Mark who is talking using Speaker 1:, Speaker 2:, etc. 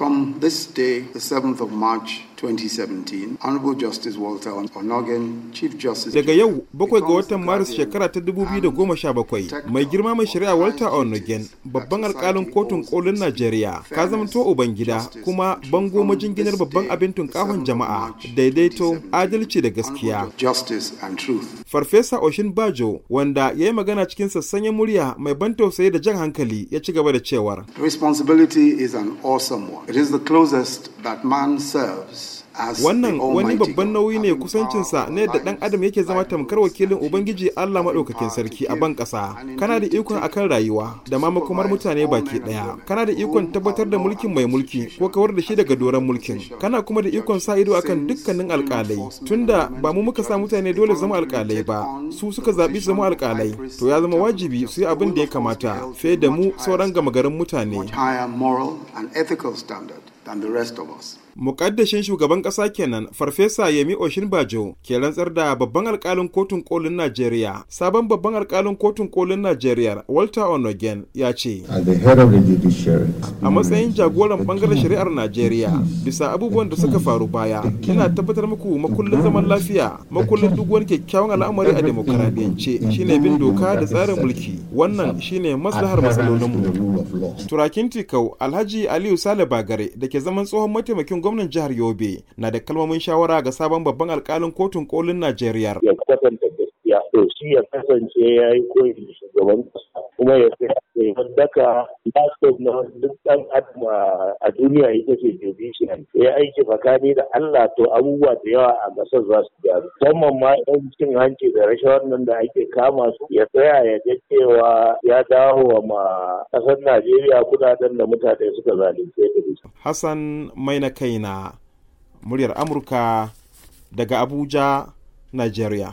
Speaker 1: From this day, the 7th of March 2017, Honorable Justice Walter Onogen, Chief Justice... Daga yau, bakwai ga watan Maris shekara ta dubu biyu da 2017, mai girma mai shari'a Walter Onogen, babban alkalin kotun kolin Najeriya, ka zamanto Ubangida, kuma bango majinginar babban abin tunkahon jama'a, daidaito, adalci da gaskiya. Farfesa Oshin Bajo, wanda ya yi magana cikin sassanyen murya mai ban tausayi da jan hankali, ya ci gaba da cewar. Responsibility is an awesome one. It is the closest that man serves wannan wani babban nauyi ne kusancinsa na yadda dan adam yake zama tamkar wakilin ubangiji allah maɗaukakin sarki a ban ƙasa kana da ikon akan rayuwa da ma makomar mutane baki ɗaya kana da ikon tabbatar da mulkin mai mulki ko kawar da shi daga doron mulkin kana kuma da ikon sa ido akan dukkanin alƙalai tunda ba mu muka sa mutane dole zama alƙalai ba su suka zaɓi zama alƙalai to ya zama wajibi su yi abin da ya kamata fiye da mu sauran gama garin mutane than the rest of us. Mukaddashin shugaban kasa kenan Farfesa Yemi Oshinbajo ke rantsar da babban alkalin kotun kolin Najeriya. Sabon babban alkalin kotun kolin Najeriya Walter Onogen ya ce. A matsayin jagoran bangaren shari'ar Najeriya bisa abubuwan da suka faru baya ina tabbatar muku makullin zaman lafiya makullin duk wani kyakkyawan al'amari a demokaradiyance shine bin doka da tsarin mulki wannan shine maslahar matsalolinmu. Turakin Tikau Alhaji Aliyu Sale Bagare da ke ke zaman tsohon mataimakin gwamnan jihar Yobe na da kalmomin shawara ga sabon babban alkalin kotun kolin Najeriya. Ya
Speaker 2: kwatanta gaskiya to shi ya kasance ya yi koyi shugaban kuma ya wanda eh, ka laptop na duk ɗan adam a duniya ita ce shi ya aiki fakani da Allah to abubuwa da yawa a gasar za su gyaru musamman ma yan cin hanci da rashawar nan da ake kama su ya tsaya ya ga cewa ya dawo wa ma ƙasar Najeriya kudaden da mutane suka zalunce da
Speaker 1: Hassan Maina na muryar Amurka daga Abuja, Najeriya.